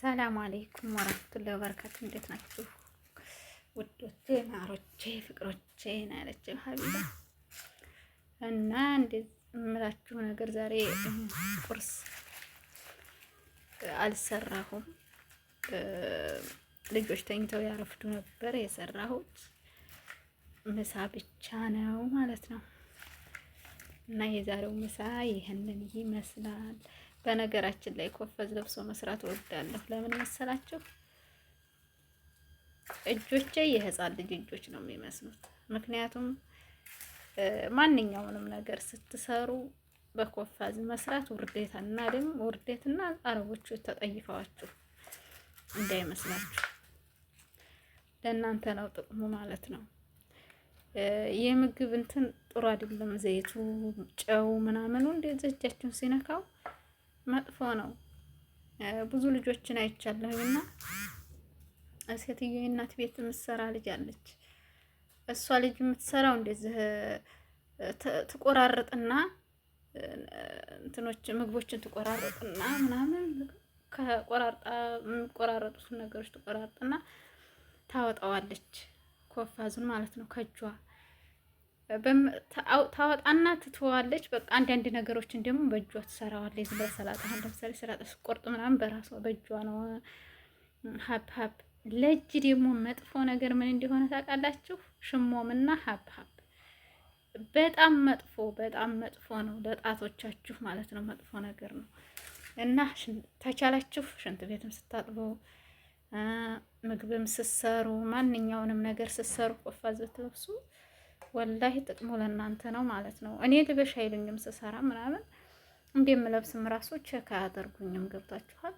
ሰላም አለይኩም ወራህመቱላሂ ወበረካቱ። እንዴት ናችሁ ውዶቼ፣ ማሮቼ፣ ፍቅሮቼ ናለች ሀቢባ እና እንዴት እምላችሁ ነገር ዛሬ ቁርስ አልሰራሁም። ልጆች ተኝተው ያረፍዱ ነበር የሰራሁት ምሳ ብቻ ነው ማለት ነው። እና የዛሬው ምሳ ይህንን ይመስላል። በነገራችን ላይ ኮፈዝ ለብሶ መስራት እወዳለሁ። ለምን መሰላችሁ? እጆቼ የህፃን ልጅ እጆች ነው የሚመስሉት። ምክንያቱም ማንኛውንም ነገር ስትሰሩ በኮፋዝ መስራት ውርዴታ እና ደግሞ ውርዴትና አረቦቹ ተጠይፈዋችሁ እንዳይመስላችሁ ለእናንተ ነው ጥቅሙ ማለት ነው። የምግብ እንትን ጥሩ አይደለም። ዘይቱ፣ ጨው ምናምኑ እንደዚህ እጃችሁን ሲነካው መጥፎ ነው። ብዙ ልጆችን አይቻለሁ እና ሴትዮ የእናት ቤት የምትሰራ ልጅ አለች። እሷ ልጅ የምትሰራው እንደዚህ ትቆራርጥና እንትኖች ምግቦችን ትቆራርጥና ምናምን ከቆራርጣ የምትቆራረጡትን ነገሮች ትቆራርጥና ታወጣዋለች። ኮፋዙን ማለት ነው ከእጇ ታወጣና ትትዋለች። በቃ አንዳንድ ነገሮችን ደግሞ በእጇ ትሰራዋለች። ዝም ብላ ሰላጣ ለምሳሌ ሰላጣ ስትቆርጥ ምናምን በራሷ በእጇ ነው ሀብ ሀብ። ለእጅ ደግሞ መጥፎ ነገር ምን እንደሆነ ታውቃላችሁ? ሽሞምና ሀብ ሀብ በጣም መጥፎ በጣም መጥፎ ነው። ለጣቶቻችሁ ማለት ነው፣ መጥፎ ነገር ነው እና ተቻላችሁ ሽንት ቤትም ስታጥቡ ምግብም ስሰሩ ማንኛውንም ነገር ስሰሩ ቆፋዘት ለብሱ። ወላሂ ጥቅሙ ለእናንተ ነው ማለት ነው። እኔ ልበሽ አይሉኝም ስሰራ ምናምን እንደምለብስም ራሱ ቼክ አያደርጉኝም። ገብታችኋል?